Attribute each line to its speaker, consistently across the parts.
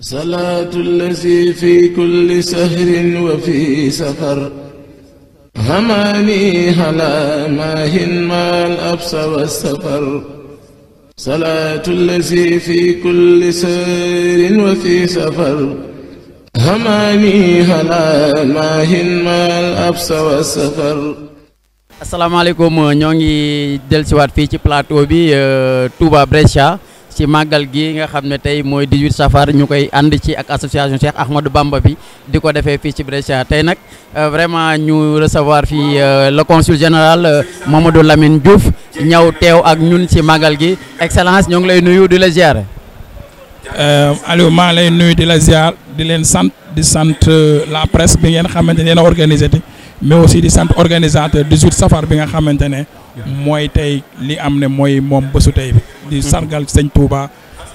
Speaker 1: salaatu allazi fi kulli sahrin wa fi safar hamaani halaa maahin maal absa wa safar salaatu allazi fi kulli sahrin
Speaker 2: wa fi safar hamaani halaa maahin maal absa wa safar asalaamaaleykum ñoo ngi dellusiwaat fii ci plateau bi euh, Touba Brescia ci màggal gi nga xam ne tey mooy 18 safar ñu koy ànd ci ak association Cheikh Ahmadou Bamba bi di ko defee fii ci Brescia tey nag euh, vraiment ñu recevoir fii euh, la consul général euh, Mamadou Lamine Diouf ñaw teew ak ñun ci màggal gi excellence ñoo ngi lay nuyu di la ziar.
Speaker 3: Aliou maa lay nuyu di la ziar di leen sant di sant la presse bi ngeen xamante ne yéen a mais aussi di sant organisateur 18 safar bi nga xamante ne mooy tey li am ne mooy moom bésu bi. di sargal sëñ Touba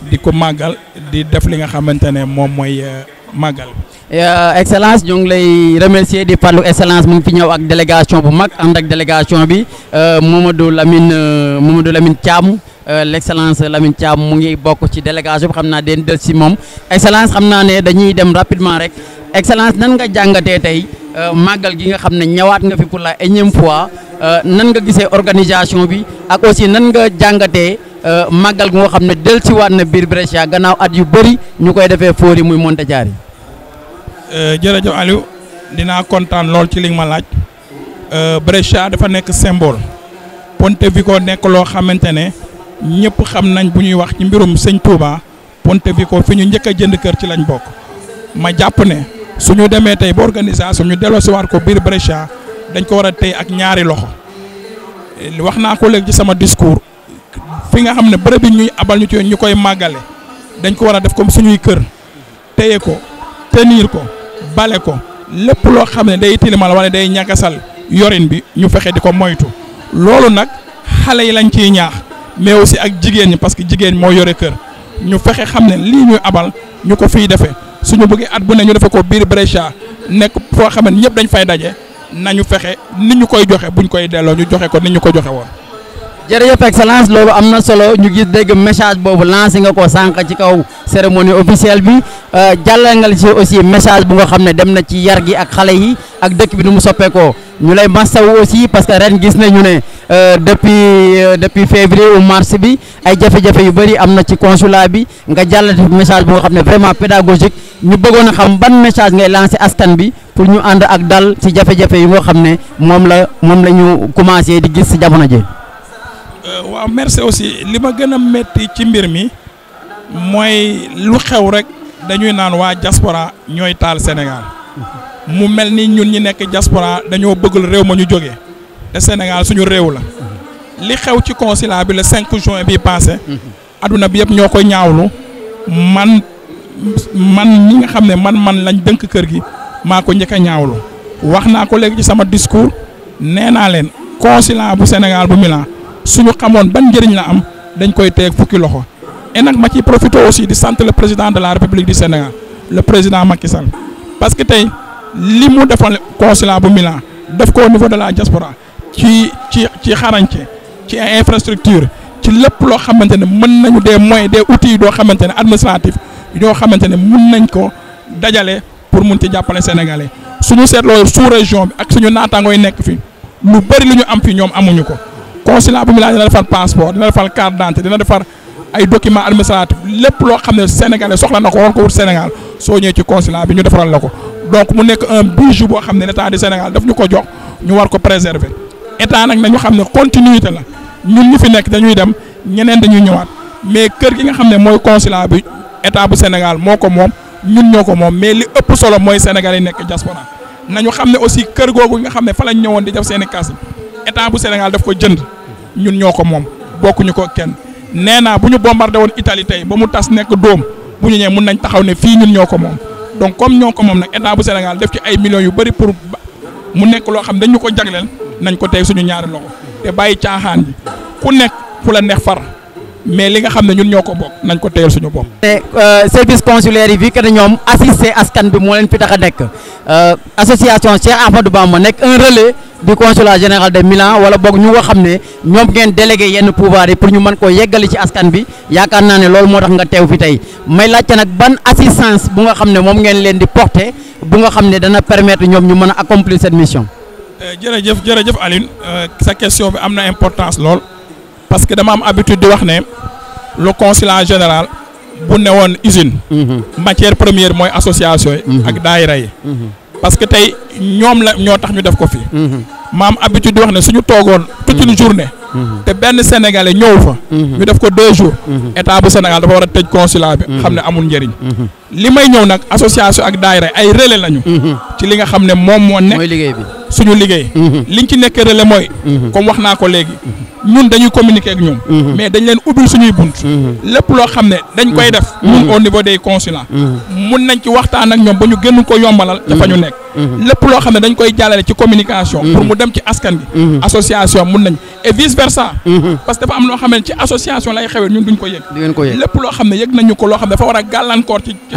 Speaker 3: di ko màggal di def li nga xamante ne moom mooy euh, màggal.
Speaker 2: Euh, excellence ñu ngi lay remercier di parlu excellence mu ngi fi ñëw ak délégation bu mag ànd ak délégation bi euh, Mamadou Lamine Mamadou Lamine Thiam. l'excellence Lamine Thiam mu ngi bokk ci délégation bi xam naa den del si moom excellence xam naa ne dañuy dem rapidement rek excellence nan nga jàngatee tey màggal gi nga xam ne ñawaat nga fi pour la énième fois nan bi nan nga jàngatee. Euh, màggal gu nga xam ne dellusiwaat na biir Brescia gannaaw at yu bëri ñu koy defee yi muy Montejaari.
Speaker 3: Euh, jërëjëf Aliou dinaa kontaan lool ci li nga ma laaj euh, Brescia dafa nekk symbole Pontevico nekk loo xamante ne ñëpp xam nañ bu ñuy wax ci mbirum sëñ Touba Pontevico fi ñu njëkk a jënd kër ci lañ bokk ma jàpp ne su suñu demee tey ba organisation ñu delloo delloosiwaat ko biir Brescia dañ ko war a tey ak ñaari loxo wax naa ko léegi ci sama discours. fi nga xam ne bërëb yi ñuy abal ñu ci ñu koy màggale dañ ko war a def comme suñuy kër téye ko tenir ko bale ko lépp loo xam ne day tilimal ne day ñagasal yorin bi ñu fexe di ko moytu loolu nag xale yi lañ ciy ñaax mais aussi ak jigéen ñi parce que jigéen moo yore kër ñu fexe xam ne lii ñuy abal ñu ko fiy defee suñu bëggee at bu ne ñu defee ko biir Brescia nekk foo xam ne ñëpp dañ fay
Speaker 2: daje nañu fexe ni ñu koy joxe ñu koy delloo ñu joxe ko ni ñu ko joxe woon. jërëjëf excellence loolu am na solo ñu gis dégg message boobu lancé nga ko sànq ci kaw cérémonie officielle bi euh, jàllangal si aussi message bu nga xam ne dem na ci yar gi ak xale yi ak dëkk bi nu mu soppeekoo ñu lay mastaw aussi parce que ren gis nañu ne euh, depuis euh, depuis février ou mars bi ay jafe-jafe yu bëri am na ci consulat bi nga jàllale message bu nga xam ne vraiment pédagogique ñu bëggoon a xam ban message ngay lancé askan bi pour ñu ànd ak dal ci jafe-jafe yu xam ne moom la moom la ñu commencé di gis si jamono ji.
Speaker 3: Euh, waaw merci aussi li ma gën a metti ci mbir mi mooy lu xew rek dañuy naan waa diaspora ñooy taal Sénégal mu mel ni ñun ñi nekk diaspora dañoo bëggul réew ma ñu jógee te Sénégal suñu réew la li xew ci consulat bi le 5 juin bi passé àdduna bi yëpp ñoo koy ñaawlu man man ñi nga xam ne man man lañ dënk kër gi maa ko njëkk a ñaawlu wax naa ko léegi ci sama discours nee naa leen consulat bu Sénégal bu Milan suñu xamoon ban njëriñ la am dañ koy teeg fukki loxo et ma ci profité aussi di sant le président de la république du Sénégal le président Macky Sall parce que tey li mu defal consulat bu Milan def ko au niveau de la diaspora ci ci ci xarañte ci infrastructure ci lépp loo xamante ne mën nañu des moyens des outils doo xamante ne administratif yoo xamante ne mën nañ ko dajale pour mun ci jàppale su suñu seetloo sous région bi ak suñu naataangooy nekk fi lu bëri lu ñu am fi ñoom amuñu ko. consulat bu mu laaj dina defar passeport dina defar carte d'identité dina defar ay documents administratifs lépp loo xam ne sénégalais soxla na ko war ko wut Sénégal soo ñëwee ci consulat bi ñu defaral la ko donc mu nekk un bijou boo xam ne état du Sénégal daf ñu ko jox ñu war ko préserver état nag nañu xam ne continuité la ñun ñu fi nekk dañuy dem ñeneen dañuy ñëwaat mais kër gi nga xam ne mooy consulat bi état bu Sénégal moo ko moom ñun ñoo ko moom mais li ëpp solo mooy sénégalais yi nekk na ñu xam ne aussi kër googu nga xam ne fa lañ ñëwoon di def seen i état bu Sénégal daf ko jënd. ñun ñoo ko moom bokkuñu ko kenn nee naa bu ñu bombardé woon Italie tey ba mu tas nekk dóom bu ñu ñëwee mun nañ taxaw ne fii ñun ñoo ko moom donc comme ñoo ko moom nag état bu Sénégal def ci ay millions yu bëri pour mu nekk loo xam dañ ñu ko jagleel nañ ko tey suñu ñaari loxo te bàyyi caaxaan ji ku nekk
Speaker 2: ku la neex far. mais li nga xam ne ñun ñoo ko bokk nañ ko teyal suñu bopp. mais euh, service consulaire yi fii que ñoom assister askan bi moo leen fi tax a nekk euh, association Cheikh Ahmadou Bamba nekk un relais du consulat général de Milan wala boog ñu nga xam ne ñoom ngeen délégué yenn pouvoir yi pour ñu mën koo yeggali ci askan bi yaakaar naa ne loolu moo tax nga teew fi tey may laajte nag ban assistance bu nga xam ne moom ngeen leen di porter bu nga xam ne dana permettre ñoom ñu mën a accomplir cette mission.
Speaker 3: Euh, jërëjëf jërëjëf Aline sa question bi am na importance lool. parce que dama am habitude di wax ne le consulat général bu ne woon usine. Mhm. matière première mooy association yi. Mhm. ak daayira yi. Mhm. parce que tey ñoom la ñoo tax ñu def ko fi. maam habitude di wax ne suñu toogoon. toute une journée. te benn sénégalais ñëw fa. ñu def ko deux jours. état bu Sénégal dafa war a tëj consulat bi. xam ne amul njëriñ. li may ñëw nag association ak daayira ay relais lañu. ci li nga xam ne moom moo ne. mooy liggéey bi. suñu liggéey mhm. liñ ci nekk relais mooy mhm. comme wax naa ko léegi mun dañuy communiquer ak ñoom mhm. mais dañ leen ubbil suñuy bunt lépp loo xam ne dañ koy def ñun au niveau des consulats mun nañ ci waxtaan ak ñoom ba ñu gën ko yombalal dafa ñu nekk lépp loo xam ne dañ koy jàllale ci communication pour mu dem ci askan gi association mun nañ et vice versa. Mhm. parce que dafa am loo xam ne ci association lay xewee ñun duñ ko yëg. duñ ko yëg lépp loo xam ne yëg nañu ko loo xam ne dafa war a gàllankoor ci.
Speaker 1: ci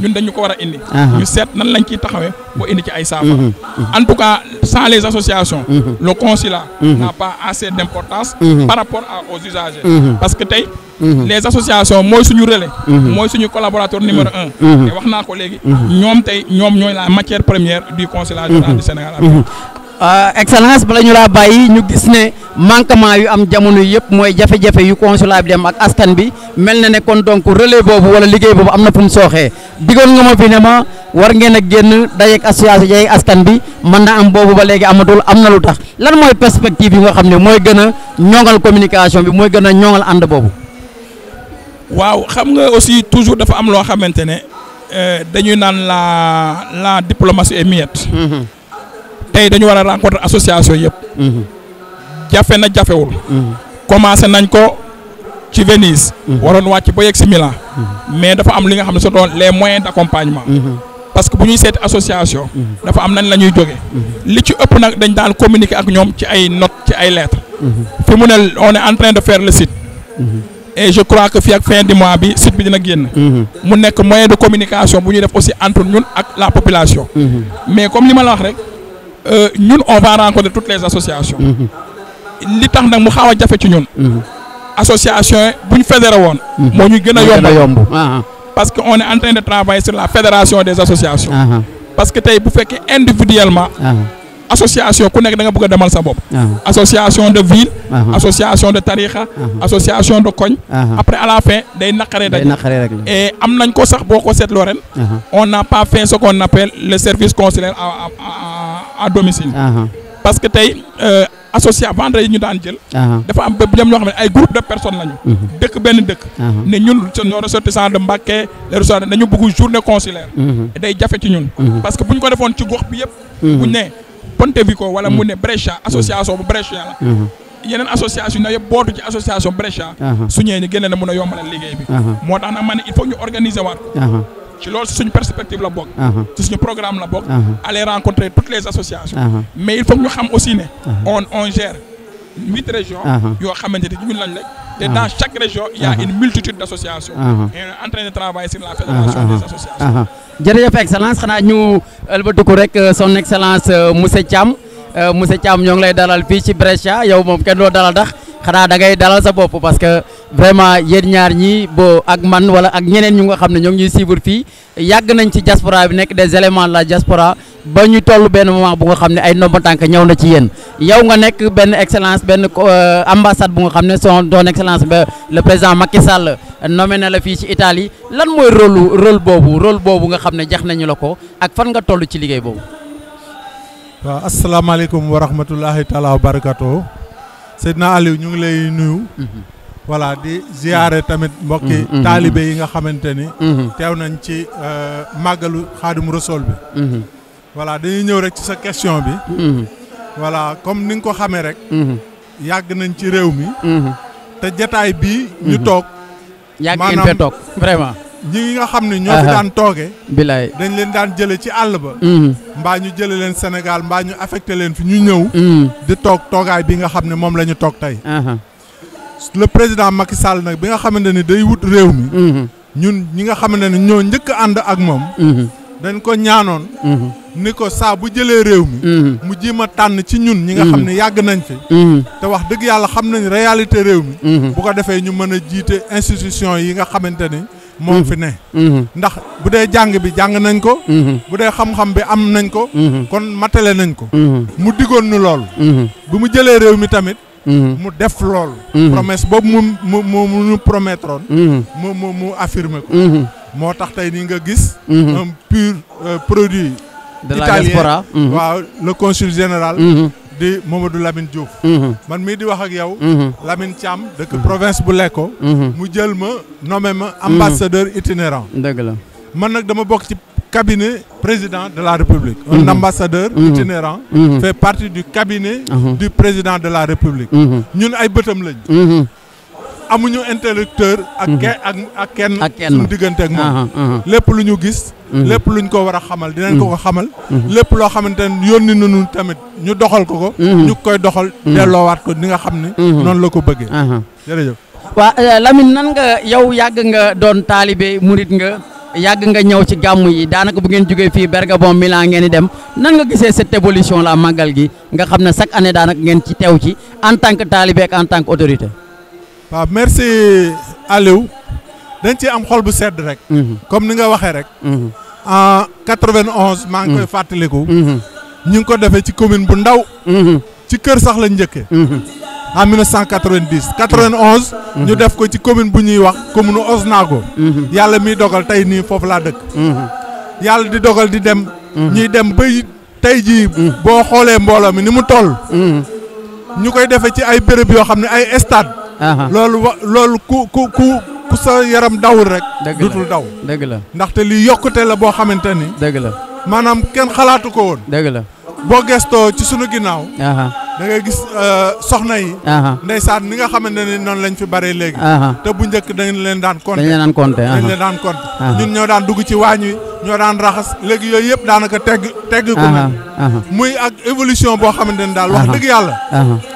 Speaker 1: bi ñun
Speaker 3: dañu ko war a indi. ñu seet nan lañ ciy taxawee boo indi ci ay saafara. Mhm. Mhm. en tout cas sans les associations. le consulat. n'a pas assez d'importance. par rapport aux usagers. parce que tey. les associations mooy suñu relais. mooy suñu collaborateur numéro un. te wax naa ko léegi.
Speaker 2: ñoom tey ñoom ñooy la matière première du consulat général du Sénégal. Euh, excellence bala ñu laa bàyyi ñu gis ne manquement yu am jamono yëpp mooy jafe-jafe yu consulat bi dem ak askan bi mel na ne kon donc relais boobu wala liggéey boobu am na fu sooxee digoon nga ma fi ne ma war ngeen a génn dajeeg association yeeg askan bi mën na am boobu ba léegi amatul am na lu tax lan mooy perspective yi nga xam ne mooy gën a ñoŋal communication bi mooy gën a ñoŋal ànd boobu. waaw xam nga aussi toujours dafa am loo
Speaker 3: xamante ne euh, dañuy naan la la diplomatie est tey dañu war a rencontre association yëpp. Mhm. jafe na jafewul. Mhm. commencé nañ ko ci Venise. Mhm. waroon wàcc ba yegg si Milan. mais dafa am li nga xam ne sa doon les moyens d'accompagnement. parce que bu ñuy seeti association. dafa am nañ la ñuy jóge li ci ëpp nag dañ daan communiquer ak ñoom ci ay not ci ay lettres. fi mu ne on est de fair le site. et je crois que fii ak fin du mois bi site bi dina génn. mu nekk moyen de communication bu ñu def aussi entre ñun ak la population. Euh, ñun on va rencontrer toutes les associations. Mm-hmm. li tax nag mu xaaw a jafe ci ñun. Mm-hmm. association bu ñu fédéré woon. Mm-hmm. moo ñu gën a yomb parce que on est en train de travailler sur la fédération des associations. parce que tey bu fekkee individuellement. association ku nekk da nga bëgg a demal sa bopp. association de ville. association de tarixa. association de koñ. après à la fin day naqaree rek. et am nañ ko sax boo ko seetloo ren. on n'a pas fait ce à domicile. Ah, ah. parce que tey euh, associé vendre yi ñu daan jël. Ah, dafa am bépp ñoo xam ne ay groupe de personnes lañu. Mm-hmm. dëkk benn dëkk. ne ñun nos ressortissants de Mbacké les bëgg journée consulaire. Mm-hmm. day jafe ci ñun. Mm-hmm. parce que bu ñu ko defoon ci gox bi yëpp. bu ñu nee Pontevico wala mu ne Brescia association bu Brescia la. yeneen association na yëpp bootu ci association Brescia. su ñëwee ñu gën a mën a yombalal liggéey bi. moo tax nag man il faut ñu organiser waat. ci loolu suñu perspective la bokk. Uh-huh. ci suñu programme la bokk. Uh-huh. aller rencontrer toutes les associations. Uh-huh. mais il faut ñu xam aussi ne. on on gère huit régions. yoo xamante ni ñun lañ rek. te dans chaque région il y a une multitude d' associations. et en train de travailler sur la fédération des
Speaker 2: associations. jërëjëf excellence xanaa ñu ëlbatiku rek euh, son excellence euh, monsieur Thiam euh, monsieur Thiam ñoo ngi lay dalal fii ci Brescia yow moom kenn doo dalal ndax. xanaa da ngay dalal sa bopp parce que vraiment yéen ñaar ñi boo ak man wala ak ñeneen ñu nga xam ne ñoo ñuy suivre fii yàgg nañ ci diaspora bi nekk des éléments de la diaspora ba ñu toll benn moment bu nga xam ne ay ndomba tànk ñëw na ci yéen yow nga nekk benn excellence benn euh, ambassade bu nga xam ne son son excellence ba le président Macky Sall nommé na la fii ci Italie lan mooy rôle rôle boobu rôle boobu nga xam ne jax nañu la ko ak fan nga toll ci liggéey boobu.
Speaker 1: waaw asalaamaaleykum Seydina Aliou ñu ngi lay nuyu. voilà di ziare tamit mbokki mm-hmm. Mm-hmm. taalibe yi nga xamante ni. Mm-hmm. teew nañ ci euh, màggalu xaadimu rasuul bi. dañuy ñëw rek ci sa question bi. voilà comme ni nga ko xamee rek. yàgg nañ ci réew mi. te jataay bii. ñu toog. yàgg ngeen fee toog vraiment. ñi nga xam ne ñoo daan tooge bilaay dañ leen daan jële ci àll ba mhm. mbaa ñu jële leen Sénégal mbaa ñu affecté leen fi ñu ñëw mhm. di toog toogaay bi nga xam ne moom la ñu toog tey le président Macky Sall nag bi nga xamante ni day wut réew mi mhm. ñun ñi nga xamante ni ñoo njëkk ànd ak moom dañ ko ñaanoon ni ko saa bu jëlee réew mi mu jéem a tànn ci ñun ñi nga xam ne yàgg nañ fi te wax dëgg yàlla xam nañ réalité réew mi bu ko defee ñu mën a jiite institution yi nga xamante ni moo fi mhm. ne mhm. ndax bu dee jàng bi jàng nañ ko mhm. bu dee xam-xam bi am nañ ko kon matale nañ ko mu digoon nu loolu bi mu jëlee réew mi tamit mu def loolu promesse boobu mu mu mu mu ñu mu mu mu affirmer ko moo tax tey nii nga gis un pur euh, produit de la diaspora waaw le consul général di Mamadou Lamine Diouf. Mhm. man mii di wax ak yow. Mhm. Lamine Thiam dëkk province bu Lekko. Mhm. mu jël ma nommé ma ambassadeur itinérant. dëgg la man nag dama bokk ci cabinet président de la République. un ambassadeur itinérant. fait partie du cabinet. du président de la République. ñun ay bëtam lañ. amuñu interlocuteur. ak ke ak ak kenn. ak kenn suñu diggante ak moom. Uh-huh, uh-huh. lépp lu ñu gis. Mm-hmm. lépp luñ ko war a xamal dinañ ko mm-hmm. ko xamal. Mm-hmm. lépp loo xamante ne yónni nañu
Speaker 2: tamit ñu doxal ko ko. ñu koy doxal. delloowaat ko ni nga xam ne. noonu la ko
Speaker 1: bëggee. Uh-huh. jërëjëf.
Speaker 2: waa euh, Lamine nan nga yow yàgg nga doon taalibe murit nga yàgg nga ñëw ci gàmm yi daanaka bu ngeen jógee fii Bergamo Milan ngeen di dem nan nga gisee cette évolution la màggal gi nga xam ne chaque année daanaka ngeen ci tew ci en tant que taalibe ak tant que autorité.
Speaker 1: waaw merci Aliou dañ ci am xol bu sedd rek. Mhm. comme ni nga waxee rek. Mhm. en maa ngi koy mhm. fàttaliku. ñu ngi ko defee ci commune bu ndaw. ci kër sax la njëkkee. en 1990 91. ñu def ko ci commune bu ñuy wax commune Osnago. yàlla miy dogal tey nii foofu laa dëkk. yàlla di dogal di dem. ñuy dem ba tey jii. boo xoolee mbooloo mi ni mu toll. ñu koy defee ci ay béréb yoo xam ne ay stade. loolu wa loolu ku ku ku ku sa yaram dawul rek. dutul daw dëgg la ndaxte li yokkute la boo xamante ni. dëgg la maanaam kenn xalaatu ko woon. dëgg la boo gestoo ci sunu ginnaaw. da ngay gis euh, soxna yi. ndeysaan ni nga xamante ne noonu lañ fi bare léegi. te bu njëkk dañ leen daan compter dañ leen daan compter. dañ leen daan compter ñun ñoo daan dugg ci waañ wi ñoo daan raxas léegi yooyu yëpp daanaka tegg tegg ku ne. muy ak évolution boo xamante ne daal. wax dëgg yàlla.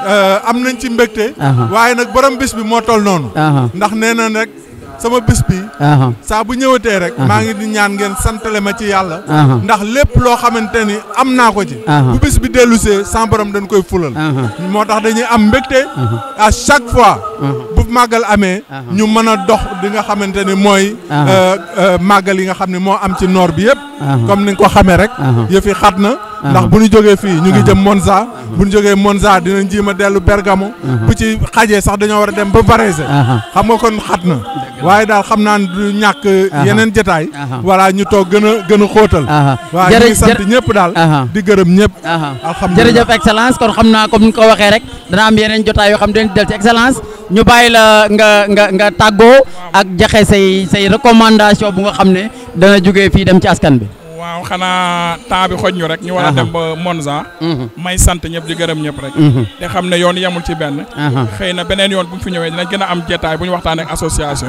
Speaker 1: Euh, am nañ ci mbégte. waaye nag borom bis bi moo toll noonu. ndax nee na rek. sama bis bi saa bu ñëwatee rek maa ngi di ñaan ngeen santale ma ci yàlla ndax lépp loo xamante ni am naa ko ci bu bis bi dellusee sans borom dañ koy fulal moo tax dañuy am mbégte à chaque fois bu màggal amee ñu mën a dox di nga xamante ni mooy euh, euh, màggal yi nga xam ne moo am ci noor bi yëpp comme ni ko xamee rek yëfi xat na ndax bu ñu jógee fii ñu ngi jëm Monza bu ñu jógee Monza dinañ jéem a dellu Bergamo uh-huh. bu ci xajee sax dañoo war a dem ba Varese uh-huh. xam nga kon xat na waaye daal xam naa du ñàkk uh-huh. yeneen jotaay voilà ñu toog gën a gën a xóotal
Speaker 2: waaw ñu ngi sant ñëpp daal di gërëm ñëpp ja jërëjëf excellence kon xam naa comme ni waxee rek dana am yeneen jotaay yoo xam dañ del ci excellence ñu bàyyi la nga nga nga tàggoo ak jaxe say say recommandation bu nga xam ne dana jógee fii dem ci askan bi
Speaker 3: waaw xanaa temps bi xoj ñu rek. ñu war a dem ba Monza. Mhm. may sant ñëpp di gërëm ñëpp rek. Mhm. te xam ne yoon yemul ci benn. xëy na beneen yoon bu mu fi ñëwee dinañ gën a am jetaay bu ñu waxtaanee ak association.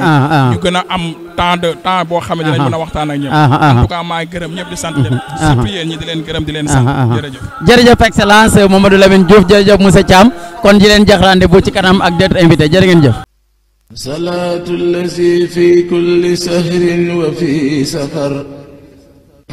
Speaker 3: ñu gën a am temps de temps boo xam ne dinañ mën waxtaan ak ñëpp. en tout cas maa gërëm ñëpp di sant ñëpp. Mhm, surtout yéen ñi di leen gërëm di leen sant jërëjëf. jërëjëf
Speaker 2: excellence Mamadou Lamine Diouf jërëjëf monsieur Thiam kon di leen jox rendez ci kanam ak d'autres invités jërë ngeen jëf
Speaker 1: salaatu allazi fi kulli sahrin wa